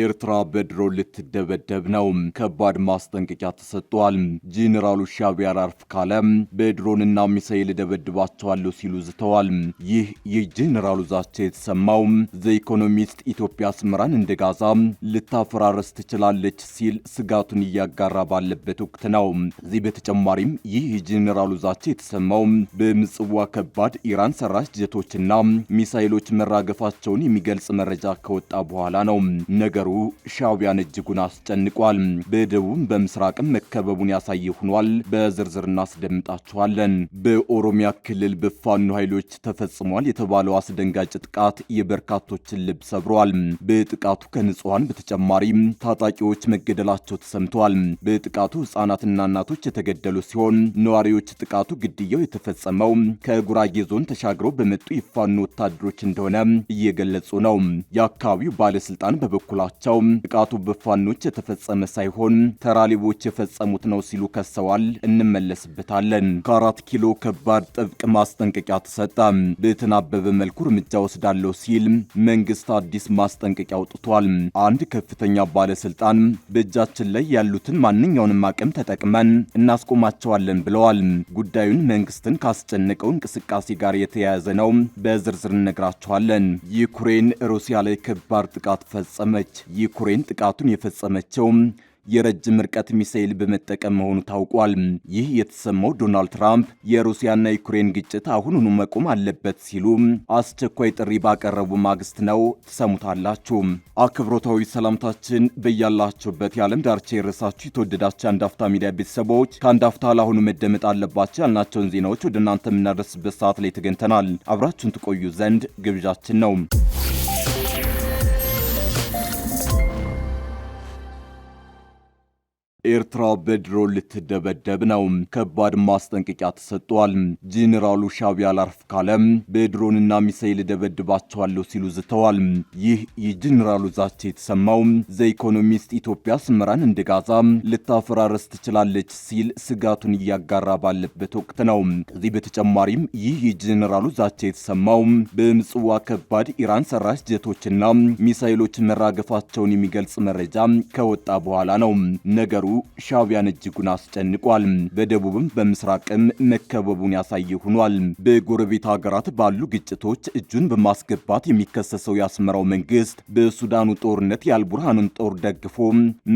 ኤርትራ በድሮን ልትደበደብ ነው። ከባድ ማስጠንቀቂያ ተሰጥቷል። ጄኔራሉ ሻቢያር አርፍ ካለ በድሮንና ሚሳኤል እደበድባቸዋለሁ ሲሉ ዝተዋል። ይህ የጄኔራሉ ዛቻ የተሰማው ዘ ኢኮኖሚስት ኢትዮጵያ አስመራን እንደ ጋዛ ልታፈራረስ ትችላለች ሲል ስጋቱን እያጋራ ባለበት ወቅት ነው። ከዚህ በተጨማሪም ይህ የጄኔራሉ ዛቻ የተሰማው በምጽዋ ከባድ ኢራን ሰራሽ ጀቶችና ሚሳኤሎች መራገፋቸውን የሚገልጽ መረጃ ከወጣ በኋላ ነው። ነገሩ ሻቢያን እጅጉን አስጨንቋል። በደቡብ በምስራቅም መከበቡን ያሳየ ሆኗል። በዝርዝር እናስደምጣችኋለን። በኦሮሚያ ክልል በፋኖ ኃይሎች ተፈጽሟል የተባለው አስደንጋጭ ጥቃት የበርካቶችን ልብ ሰብሯል። በጥቃቱ ከንጹሐን በተጨማሪም ታጣቂዎች መገደላቸው ተሰምተዋል። በጥቃቱ ህጻናትና እናቶች የተገደሉ ሲሆን ነዋሪዎች ጥቃቱ ግድያው የተፈጸመው ከጉራጌ ዞን ተሻግረው በመጡ የፋኖ ወታደሮች እንደሆነ እየገለጹ ነው። የአካባቢው ባለስልጣን በበኩላ ናቸው። ጥቃቱ በፋኖች የተፈጸመ ሳይሆን ተራሊቦች የፈጸሙት ነው ሲሉ ከሰዋል። እንመለስበታለን። ከአራት ኪሎ ከባድ ጥብቅ ማስጠንቀቂያ ተሰጠ። በተናበበ መልኩ እርምጃ ወስዳለሁ ሲል መንግስት አዲስ ማስጠንቀቂያ አውጥቷል። አንድ ከፍተኛ ባለስልጣን በእጃችን ላይ ያሉትን ማንኛውንም አቅም ተጠቅመን እናስቆማቸዋለን ብለዋል። ጉዳዩን መንግስትን ካስጨነቀው እንቅስቃሴ ጋር የተያያዘ ነው። በዝርዝር እነግራችኋለን። ዩክሬን ሩሲያ ላይ ከባድ ጥቃት ፈጸመች። ዩክሬን ጥቃቱን የፈጸመቸው የረጅም ርቀት ሚሳኤል በመጠቀም መሆኑ ታውቋል። ይህ የተሰማው ዶናልድ ትራምፕ የሩሲያና ዩክሬን ግጭት አሁኑኑ መቆም አለበት ሲሉ አስቸኳይ ጥሪ ባቀረቡ ማግስት ነው። ትሰሙታላችሁ። አክብሮታዊ ሰላምታችን በያላችሁበት የዓለም ዳርቻ የረሳችሁ የተወደዳችሁ አንድ ሚዲያ ቤተሰቦች ከአንዳፍታ ለአሁኑ መደመጥ አለባቸው ያልናቸውን ዜናዎች ወደ እናንተ የምናደርስበት ሰዓት ላይ ተገኝተናል። አብራችሁን ትቆዩ ዘንድ ግብዣችን ነው። ኤርትራ በድሮን ልትደበደብ ነው፣ ከባድ ማስጠንቀቂያ ተሰጥቷል። ጄኔራሉ ሻቢያ አላርፍ ካለም በድሮንና ሚሳይል ደበድባቸዋለሁ ሲሉ ዝተዋል። ይህ የጄኔራሉ ዛቻ የተሰማው ዘ ኢኮኖሚስት ኢትዮጵያ አስመራን እንደ ጋዛ ልታፈራረስ ትችላለች ሲል ስጋቱን እያጋራ ባለበት ወቅት ነው። ከዚህ በተጨማሪም ይህ የጄኔራሉ ዛቻ የተሰማው በምጽዋ ከባድ ኢራን ሰራሽ ጀቶችና ሚሳይሎች መራገፋቸውን የሚገልጽ መረጃ ከወጣ በኋላ ነው ነገሩ ሻቢያን እጅጉን አስጨንቋል። በደቡብም በምስራቅም መከበቡን ያሳየ ሆኗል። በጎረቤት ሀገራት ባሉ ግጭቶች እጁን በማስገባት የሚከሰሰው የአስመራው መንግስት በሱዳኑ ጦርነት የአልቡርሃንን ጦር ደግፎ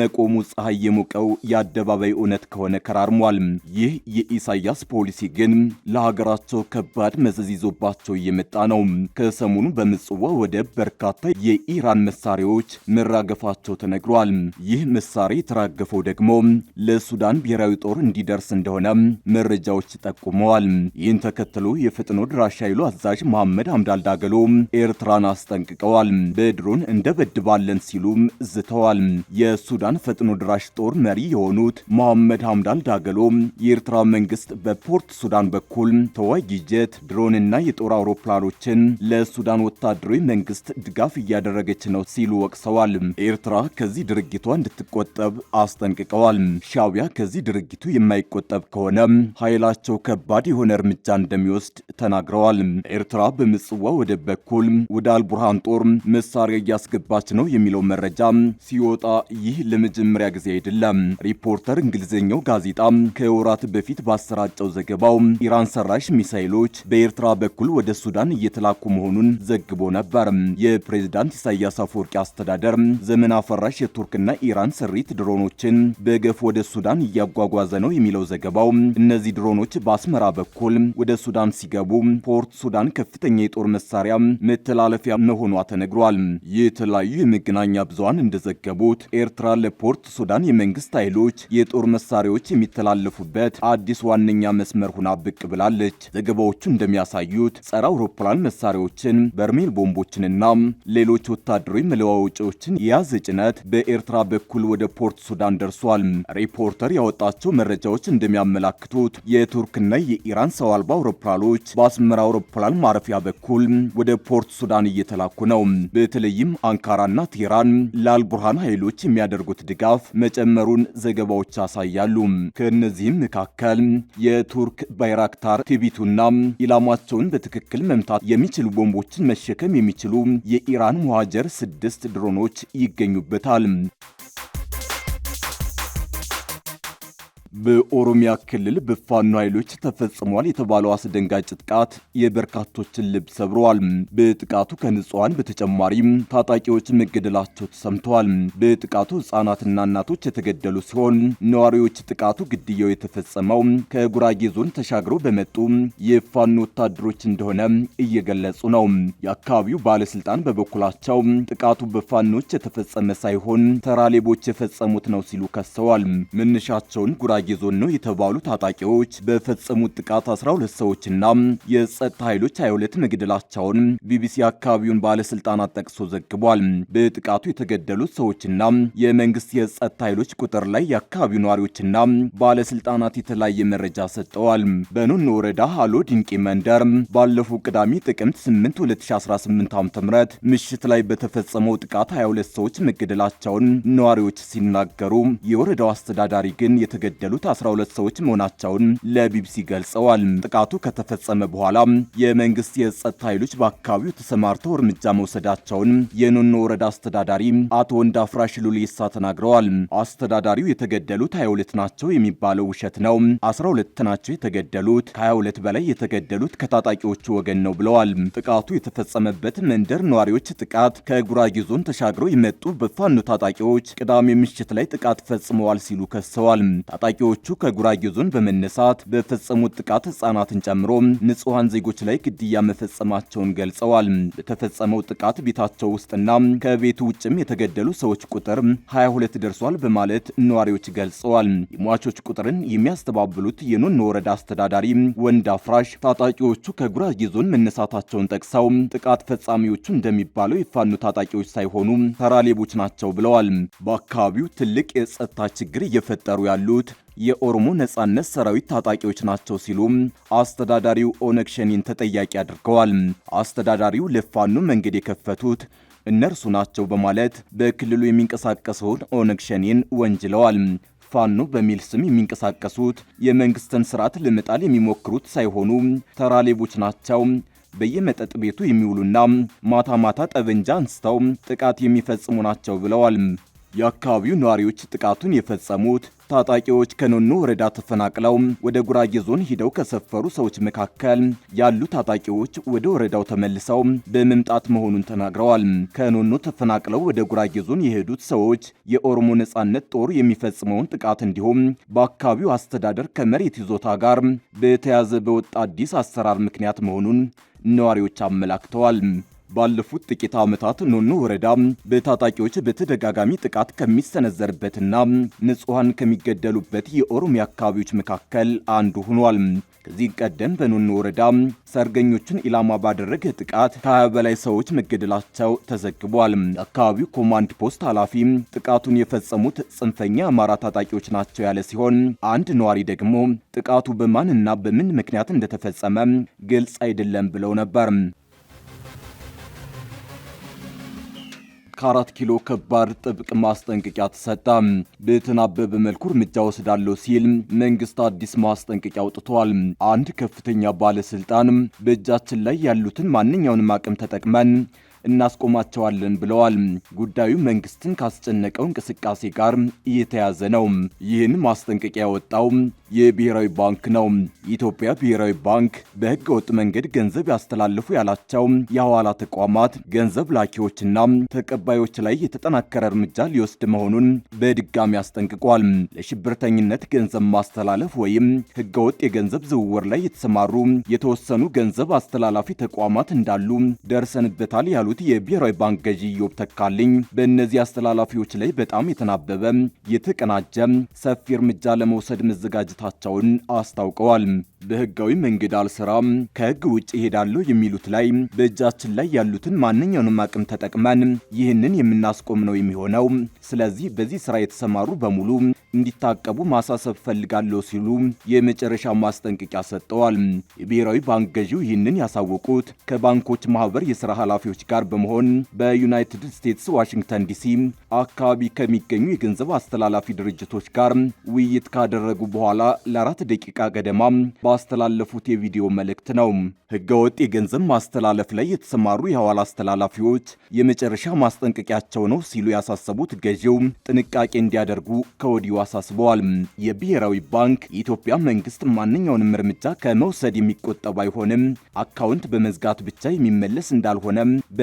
መቆሙ ፀሐይ የሞቀው የአደባባይ እውነት ከሆነ ከራርሟል። ይህ የኢሳያስ ፖሊሲ ግን ለሀገራቸው ከባድ መዘዝ ይዞባቸው እየመጣ ነው። ከሰሞኑ በምጽዋ ወደብ በርካታ የኢራን መሳሪያዎች መራገፋቸው ተነግሯል። ይህ መሳሪያ የተራገፈው ደግሞ ደግሞ ለሱዳን ብሔራዊ ጦር እንዲደርስ እንደሆነ መረጃዎች ጠቁመዋል። ይህን ተከትሎ የፈጥኖ ድራሽ ኃይሉ አዛዥ መሐመድ አምዳል ዳገሎ ኤርትራን አስጠንቅቀዋል። በድሮን እንደበድባለን ሲሉም ዝተዋል። የሱዳን ፈጥኖ ድራሽ ጦር መሪ የሆኑት መሐመድ አምዳል ዳገሎ የኤርትራ መንግስት በፖርት ሱዳን በኩል ተዋጊ ጀት፣ ድሮንና የጦር አውሮፕላኖችን ለሱዳን ወታደራዊ መንግስት ድጋፍ እያደረገች ነው ሲሉ ወቅሰዋል። ኤርትራ ከዚህ ድርጊቷ እንድትቆጠብ አስጠንቅቀዋል። ገልጸዋል። ሻቢያ ከዚህ ድርጊቱ የማይቆጠብ ከሆነ ኃይላቸው ከባድ የሆነ እርምጃ እንደሚወስድ ተናግረዋል። ኤርትራ በምጽዋ ወደብ በኩል ወደ አልቡርሃን ጦር መሳሪያ እያስገባች ነው የሚለው መረጃ ሲወጣ ይህ ለመጀመሪያ ጊዜ አይደለም። ሪፖርተር እንግሊዝኛው ጋዜጣ ከወራት በፊት ባሰራጨው ዘገባው ኢራን ሰራሽ ሚሳይሎች በኤርትራ በኩል ወደ ሱዳን እየተላኩ መሆኑን ዘግቦ ነበር። የፕሬዝዳንት ኢሳያስ አፈወርቂ አስተዳደር ዘመን አፈራሽ የቱርክና ኢራን ስሪት ድሮኖችን በገፍ ወደ ሱዳን እያጓጓዘ ነው የሚለው ዘገባው እነዚህ ድሮኖች በአስመራ በኩል ወደ ሱዳን ሲገቡ ፖርት ሱዳን ከፍተኛ የጦር መሳሪያ መተላለፊያ መሆኗ ተነግሯል። የተለያዩ የመገናኛ ብዙሃን እንደዘገቡት ኤርትራ ለፖርት ሱዳን የመንግስት ኃይሎች የጦር መሳሪያዎች የሚተላለፉበት አዲስ ዋነኛ መስመር ሁና ብቅ ብላለች። ዘገባዎቹ እንደሚያሳዩት ጸረ አውሮፕላን መሳሪያዎችን፣ በርሜል ቦምቦችንና ሌሎች ወታደራዊ መለዋወጫዎችን የያዘ ጭነት በኤርትራ በኩል ወደ ፖርት ሱዳን ደርሷል። ተገልጿል። ሪፖርተር ያወጣቸው መረጃዎች እንደሚያመላክቱት የቱርክና የኢራን ሰው አልባ አውሮፕላኖች በአስመራ አውሮፕላን ማረፊያ በኩል ወደ ፖርት ሱዳን እየተላኩ ነው። በተለይም አንካራና ቴህራን ለአልቡርሃን ኃይሎች የሚያደርጉት ድጋፍ መጨመሩን ዘገባዎች ያሳያሉ። ከእነዚህም መካከል የቱርክ ባይራክታር ቲቢቱና ኢላማቸውን በትክክል መምታት የሚችሉ ቦምቦችን መሸከም የሚችሉ የኢራን መዋጀር ስድስት ድሮኖች ይገኙበታል። በኦሮሚያ ክልል በፋኖ ኃይሎች ተፈጽሟል የተባለው አስደንጋጭ ጥቃት የበርካቶችን ልብ ሰብረዋል። በጥቃቱ ከንጹሐን በተጨማሪም ታጣቂዎች መገደላቸው ተሰምተዋል። በጥቃቱ ሕጻናትና እናቶች የተገደሉ ሲሆን ነዋሪዎች ጥቃቱ ግድያው የተፈጸመው ከጉራጌ ዞን ተሻግረው በመጡ የፋኖ ወታደሮች እንደሆነ እየገለጹ ነው። የአካባቢው ባለስልጣን በበኩላቸው ጥቃቱ በፋኖች የተፈጸመ ሳይሆን ተራ ሌቦች የፈጸሙት ነው ሲሉ ከሰዋል። መነሻቸውን ጉራ ጉራጌ ዞን ነው የተባሉ ታጣቂዎች በፈጸሙት ጥቃት 12 ሰዎችና የጸጥታ ኃይሎች 22 መግደላቸውን ቢቢሲ አካባቢውን ባለስልጣናት ጠቅሶ ዘግቧል። በጥቃቱ የተገደሉት ሰዎችና የመንግስት የጸጥታ ኃይሎች ቁጥር ላይ የአካባቢው ነዋሪዎችና ባለስልጣናት የተለያየ መረጃ ሰጠዋል። በኖኖ ወረዳ ሃሎ ድንቂ መንደር ባለፈው ቅዳሜ ጥቅምት 8 2018 ዓ.ም ምሽት ላይ በተፈጸመው ጥቃት 22 ሰዎች መገደላቸውን ነዋሪዎች ሲናገሩ የወረዳው አስተዳዳሪ ግን የተገደሉ የተገደሉት 12 ሰዎች መሆናቸውን ለቢቢሲ ገልጸዋል። ጥቃቱ ከተፈጸመ በኋላ የመንግስት የጸጥታ ኃይሎች በአካባቢው ተሰማርተው እርምጃ መውሰዳቸውን የኖኖ ወረዳ አስተዳዳሪ አቶ ወንዳፍራሽ ሉሌሳ ተናግረዋል። አስተዳዳሪው የተገደሉት 22 ናቸው የሚባለው ውሸት ነው። 12 ናቸው የተገደሉት፣ ከ22 በላይ የተገደሉት ከታጣቂዎቹ ወገን ነው ብለዋል። ጥቃቱ የተፈጸመበት መንደር ነዋሪዎች ጥቃት ከጉራጌ ዞን ተሻግረው የመጡ በፋኖ ታጣቂዎች ቅዳሜ ምሽት ላይ ጥቃት ፈጽመዋል ሲሉ ከሰዋል። ታጣቂዎቹ ከጉራጌ ዞን በመነሳት በፈጸሙት ጥቃት ህጻናትን ጨምሮ ንጹሐን ዜጎች ላይ ግድያ መፈጸማቸውን ገልጸዋል። በተፈጸመው ጥቃት ቤታቸው ውስጥና ከቤቱ ውጭም የተገደሉ ሰዎች ቁጥር 22 ደርሷል በማለት ነዋሪዎች ገልጸዋል። የሟቾች ቁጥርን የሚያስተባብሉት የኖኖ ወረዳ አስተዳዳሪ ወንድ አፍራሽ ታጣቂዎቹ ከጉራጌ ዞን መነሳታቸውን ጠቅሰው ጥቃት ፈጻሚዎቹ እንደሚባለው የፋኑ ታጣቂዎች ሳይሆኑ ተራ ሌቦች ናቸው ብለዋል። በአካባቢው ትልቅ የጸጥታ ችግር እየፈጠሩ ያሉት የኦሮሞ ነጻነት ሰራዊት ታጣቂዎች ናቸው ሲሉ አስተዳዳሪው ኦነግ ሸኔን ተጠያቂ አድርገዋል። አስተዳዳሪው ለፋኖ መንገድ የከፈቱት እነርሱ ናቸው በማለት በክልሉ የሚንቀሳቀሰውን ኦነግ ሸኔን ወንጅለዋል። ፋኖ በሚል ስም የሚንቀሳቀሱት የመንግስትን ስርዓት ለመጣል የሚሞክሩት ሳይሆኑ ተራ ሌቦች ናቸው። በየመጠጥ ቤቱ የሚውሉና ማታ ማታ ጠበንጃ አንስተው ጥቃት የሚፈጽሙ ናቸው ብለዋል። የአካባቢው ነዋሪዎች ጥቃቱን የፈጸሙት ታጣቂዎች ከኖኖ ወረዳ ተፈናቅለው ወደ ጉራጌ ዞን ሂደው ከሰፈሩ ሰዎች መካከል ያሉ ታጣቂዎች ወደ ወረዳው ተመልሰው በመምጣት መሆኑን ተናግረዋል። ከኖኖ ተፈናቅለው ወደ ጉራጌ ዞን የሄዱት ሰዎች የኦሮሞ ነጻነት ጦር የሚፈጽመውን ጥቃት እንዲሁም በአካባቢው አስተዳደር ከመሬት ይዞታ ጋር በተያዘ በወጣ አዲስ አሰራር ምክንያት መሆኑን ነዋሪዎች አመላክተዋል። ባለፉት ጥቂት ዓመታት ኖኖ ወረዳ በታጣቂዎች በተደጋጋሚ ጥቃት ከሚሰነዘርበትና ንጹሐን ከሚገደሉበት የኦሮሚያ አካባቢዎች መካከል አንዱ ሆኗል። ከዚህ ቀደም በኖኖ ወረዳ ሰርገኞችን ኢላማ ባደረገ ጥቃት ከ20 በላይ ሰዎች መገደላቸው ተዘግቧል። አካባቢው ኮማንድ ፖስት ኃላፊ ጥቃቱን የፈጸሙት ጽንፈኛ አማራ ታጣቂዎች ናቸው ያለ ሲሆን፣ አንድ ነዋሪ ደግሞ ጥቃቱ በማንና በምን ምክንያት እንደተፈጸመ ግልጽ አይደለም ብለው ነበር። ከአራት ኪሎ ከባድ ጥብቅ ማስጠንቀቂያ ተሰጠ። በተናበበ መልኩ እርምጃ ወስዳለሁ ሲል መንግስት አዲስ ማስጠንቀቂያ አውጥቷል። አንድ ከፍተኛ ባለስልጣን በእጃችን ላይ ያሉትን ማንኛውንም አቅም ተጠቅመን እናስቆማቸዋለን ብለዋል። ጉዳዩ መንግስትን ካስጨነቀው እንቅስቃሴ ጋር እየተያዘ ነው። ይህን ማስጠንቀቂያ ያወጣው የብሔራዊ ባንክ ነው። የኢትዮጵያ ብሔራዊ ባንክ በህገ ወጥ መንገድ ገንዘብ ያስተላልፉ ያላቸው የሐዋላ ተቋማት፣ ገንዘብ ላኪዎችና ተቀባዮች ላይ የተጠናከረ እርምጃ ሊወስድ መሆኑን በድጋሚ አስጠንቅቋል። ለሽብርተኝነት ገንዘብ ማስተላለፍ ወይም ወጥ የገንዘብ ዝውውር ላይ የተሰማሩ የተወሰኑ ገንዘብ አስተላላፊ ተቋማት እንዳሉ ደርሰንበታል ያሉ ያሉት የብሔራዊ ባንክ ገዢ ዮብ ተካልኝ በእነዚህ አስተላላፊዎች ላይ በጣም የተናበበ የተቀናጀ ሰፊ እርምጃ ለመውሰድ መዘጋጀታቸውን አስታውቀዋል። በህጋዊ መንገድ አልሰራም፣ ከህግ ውጭ እሄዳለሁ የሚሉት ላይ በእጃችን ላይ ያሉትን ማንኛውንም አቅም ተጠቅመን ይህንን የምናስቆም ነው የሚሆነው። ስለዚህ በዚህ ስራ የተሰማሩ በሙሉ እንዲታቀቡ ማሳሰብ ፈልጋለሁ ሲሉ የመጨረሻ ማስጠንቀቂያ ሰጥተዋል። የብሔራዊ ባንክ ገዢው ይህንን ያሳወቁት ከባንኮች ማህበር የስራ ኃላፊዎች ጋር ጋር በመሆን በዩናይትድ ስቴትስ ዋሽንግተን ዲሲ አካባቢ ከሚገኙ የገንዘብ አስተላላፊ ድርጅቶች ጋር ውይይት ካደረጉ በኋላ ለአራት ደቂቃ ገደማ ባስተላለፉት የቪዲዮ መልእክት ነው። ህገወጥ የገንዘብ ማስተላለፍ ላይ የተሰማሩ የሐዋላ አስተላላፊዎች የመጨረሻ ማስጠንቀቂያቸው ነው ሲሉ ያሳሰቡት ገዢው ጥንቃቄ እንዲያደርጉ ከወዲሁ አሳስበዋል። የብሔራዊ ባንክ የኢትዮጵያ መንግስት ማንኛውንም እርምጃ ከመውሰድ የሚቆጠብ አይሆንም፣ አካውንት በመዝጋት ብቻ የሚመለስ እንዳልሆነ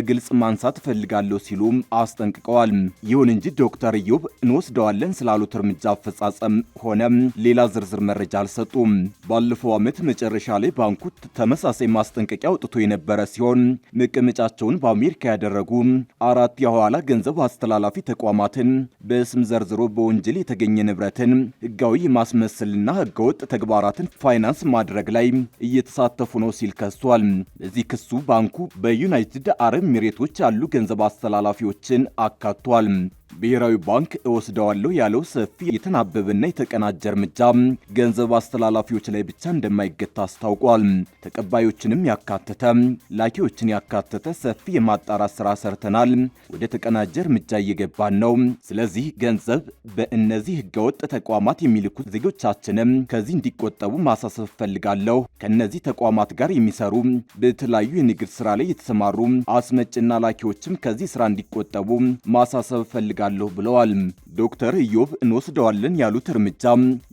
በግልጽ ማንሳት እፈልጋለሁ ሲሉም አስጠንቅቀዋል። ይሁን እንጂ ዶክተር እዩብ እንወስደዋለን ስላሉት እርምጃ አፈጻጸም ሆነም ሌላ ዝርዝር መረጃ አልሰጡም። ባለፈው ዓመት መጨረሻ ላይ ባንኩ ተመሳሳይ ማስጠንቀቂያ አውጥቶ የነበረ ሲሆን መቀመጫቸውን በአሜሪካ ያደረጉ አራት የኋላ ገንዘብ አስተላላፊ ተቋማትን በስም ዘርዝሮ በወንጀል የተገኘ ንብረትን ህጋዊ የማስመሰልና ሕገወጥ ተግባራትን ፋይናንስ ማድረግ ላይ እየተሳተፉ ነው ሲል ከሷል። በዚህ ክሱ ባንኩ በዩናይትድ አረብ ኢሚሬቶች ያሉ ገንዘብ አስተላላፊዎችን አካቷል። ብሔራዊ ባንክ እወስደዋለሁ ያለው ሰፊ የተናበበና የተቀናጀ እርምጃ ገንዘብ አስተላላፊዎች ላይ ብቻ እንደማይገታ አስታውቋል። ተቀባዮችንም ያካተተ፣ ላኪዎችን ያካተተ ሰፊ የማጣራት ስራ ሰርተናል። ወደ ተቀናጀ እርምጃ እየገባን ነው። ስለዚህ ገንዘብ በእነዚህ ህገወጥ ተቋማት የሚልኩ ዜጎቻችንም ከዚህ እንዲቆጠቡ ማሳሰብ እፈልጋለሁ። ከእነዚህ ተቋማት ጋር የሚሰሩ በተለያዩ የንግድ ስራ ላይ የተሰማሩ አስመጭና ላኪዎችም ከዚህ ስራ እንዲቆጠቡ ማሳሰብ እፈልጋለሁ አደርጋለሁ ብለዋል። ዶክተር ኢዮብ እንወስደዋለን ያሉት እርምጃ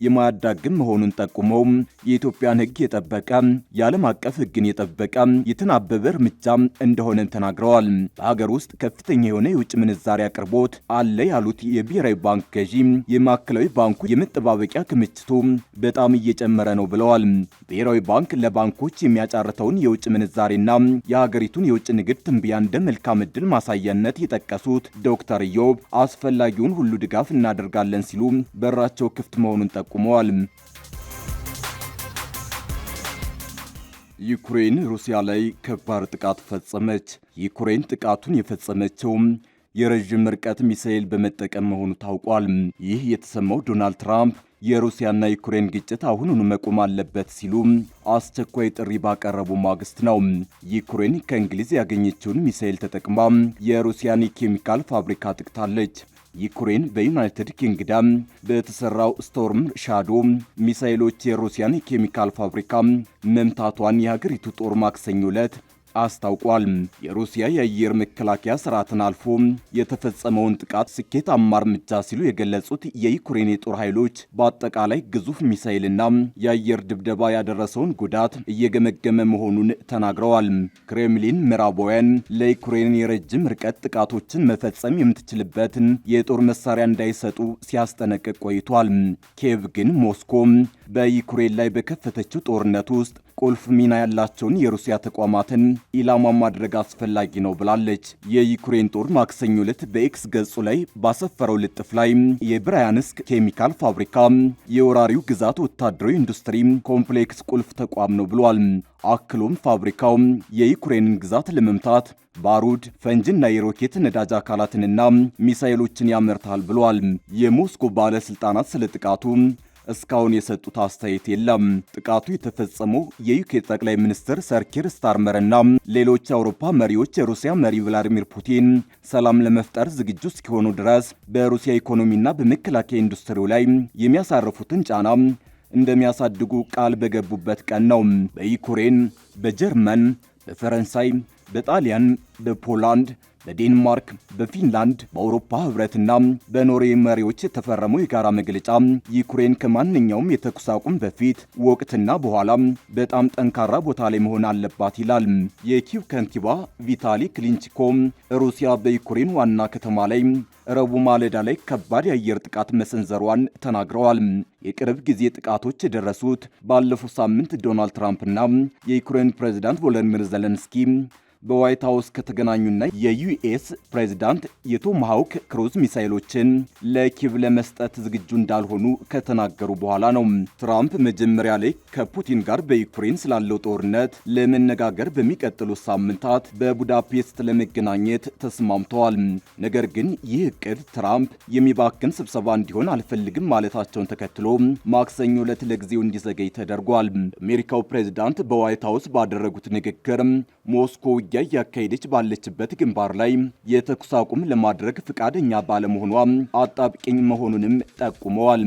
የማያዳግም መሆኑን ጠቁመው የኢትዮጵያን ሕግ የጠበቀ የዓለም አቀፍ ሕግን የጠበቀ የተናበበ እርምጃ እንደሆነ ተናግረዋል። በሀገር ውስጥ ከፍተኛ የሆነ የውጭ ምንዛሪ አቅርቦት አለ ያሉት የብሔራዊ ባንክ ገዢ የማዕከላዊ ባንኩ የመጠባበቂያ ክምችቱ በጣም እየጨመረ ነው ብለዋል። ብሔራዊ ባንክ ለባንኮች የሚያጫርተውን የውጭ ምንዛሬና የሀገሪቱን የውጭ ንግድ ትንብያ እንደ መልካም ዕድል ማሳያነት የጠቀሱት ዶክተር ኢዮብ አስፈላጊውን ሁሉ ድጋፍ እናደርጋለን ሲሉ በራቸው ክፍት መሆኑን ጠቁመዋል። ዩክሬን ሩሲያ ላይ ከባድ ጥቃት ፈጸመች። ዩክሬን ጥቃቱን የፈጸመችው የረዥም ርቀት ሚሳኤል በመጠቀም መሆኑ ታውቋል። ይህ የተሰማው ዶናልድ ትራምፕ የሩሲያና ዩክሬን ግጭት አሁኑን መቆም አለበት ሲሉ አስቸኳይ ጥሪ ባቀረቡ ማግስት ነው። ዩክሬን ከእንግሊዝ ያገኘችውን ሚሳኤል ተጠቅማ የሩሲያን የኬሚካል ፋብሪካ አጥቅታለች። ዩክሬን በዩናይትድ ኪንግዳም በተሰራው ስቶርም ሻዶ ሚሳኤሎች የሩሲያን የኬሚካል ፋብሪካ መምታቷን የሀገሪቱ ጦር ማክሰኞ ዕለት አስታውቋል። የሩሲያ የአየር መከላከያ ስርዓትን አልፎ የተፈጸመውን ጥቃት ስኬታማ እርምጃ ሲሉ የገለጹት የዩክሬን የጦር ኃይሎች በአጠቃላይ ግዙፍ ሚሳይልና የአየር ድብደባ ያደረሰውን ጉዳት እየገመገመ መሆኑን ተናግረዋል። ክሬምሊን ምዕራባውያን ለዩክሬን የረጅም ርቀት ጥቃቶችን መፈጸም የምትችልበትን የጦር መሳሪያ እንዳይሰጡ ሲያስጠነቅቅ ቆይቷል። ኬቭ ግን ሞስኮ በዩክሬን ላይ በከፈተችው ጦርነት ውስጥ ቁልፍ ሚና ያላቸውን የሩሲያ ተቋማትን ኢላማ ማድረግ አስፈላጊ ነው ብላለች። የዩክሬን ጦር ማክሰኞ ዕለት በኤክስ ገጹ ላይ ባሰፈረው ልጥፍ ላይ የብራያንስክ ኬሚካል ፋብሪካ የወራሪው ግዛት ወታደራዊ ኢንዱስትሪ ኮምፕሌክስ ቁልፍ ተቋም ነው ብሏል። አክሎም ፋብሪካው የዩክሬንን ግዛት ለመምታት ባሩድ፣ ፈንጅና የሮኬት ነዳጅ አካላትንና ሚሳይሎችን ያመርታል ብሏል። የሞስኮ ባለስልጣናት ስለ ጥቃቱ እስካሁን የሰጡት አስተያየት የለም። ጥቃቱ የተፈጸመው የዩኬ ጠቅላይ ሚኒስትር ሰርኪር ስታርመር እና ሌሎች የአውሮፓ መሪዎች የሩሲያ መሪ ቭላዲሚር ፑቲን ሰላም ለመፍጠር ዝግጁ እስኪሆኑ ድረስ በሩሲያ ኢኮኖሚና በመከላከያ ኢንዱስትሪው ላይ የሚያሳርፉትን ጫና እንደሚያሳድጉ ቃል በገቡበት ቀን ነው። በዩክሬን፣ በጀርመን፣ በፈረንሳይ፣ በጣሊያን፣ በፖላንድ በዴንማርክ፣ በፊንላንድ፣ በአውሮፓ ህብረትና በኖሬ መሪዎች የተፈረመው የጋራ መግለጫ ዩክሬን ከማንኛውም የተኩስ አቁም በፊት ወቅትና በኋላ በጣም ጠንካራ ቦታ ላይ መሆን አለባት ይላል። የኪቭ ከንቲባ ቪታሊ ክሊንችኮ ሩሲያ በዩክሬን ዋና ከተማ ላይ ረቡዕ ማለዳ ላይ ከባድ የአየር ጥቃት መሰንዘሯን ተናግረዋል። የቅርብ ጊዜ ጥቃቶች የደረሱት ባለፈው ሳምንት ዶናልድ ትራምፕና የዩክሬን ፕሬዚዳንት ቮሎዲሚር ዘለንስኪ በዋይት ሀውስ ከተገናኙና የዩኤስ ፕሬዚዳንት የቶማሃውክ ክሩዝ ሚሳይሎችን ለኪቭ ለመስጠት ዝግጁ እንዳልሆኑ ከተናገሩ በኋላ ነው። ትራምፕ መጀመሪያ ላይ ከፑቲን ጋር በዩክሬን ስላለው ጦርነት ለመነጋገር በሚቀጥሉት ሳምንታት በቡዳፔስት ለመገናኘት ተስማምተዋል። ነገር ግን ይህ እቅድ ትራምፕ የሚባክን ስብሰባ እንዲሆን አልፈልግም ማለታቸውን ተከትሎ ማክሰኞ ዕለት ለጊዜው እንዲዘገይ ተደርጓል። አሜሪካው ፕሬዚዳንት በዋይት ሀውስ ባደረጉት ንግግር ሞስኮ ውጊያ እያካሄደች ባለችበት ግንባር ላይ የተኩስ አቁም ለማድረግ ፈቃደኛ ባለመሆኗ አጣብቂኝ መሆኑንም ጠቁመዋል።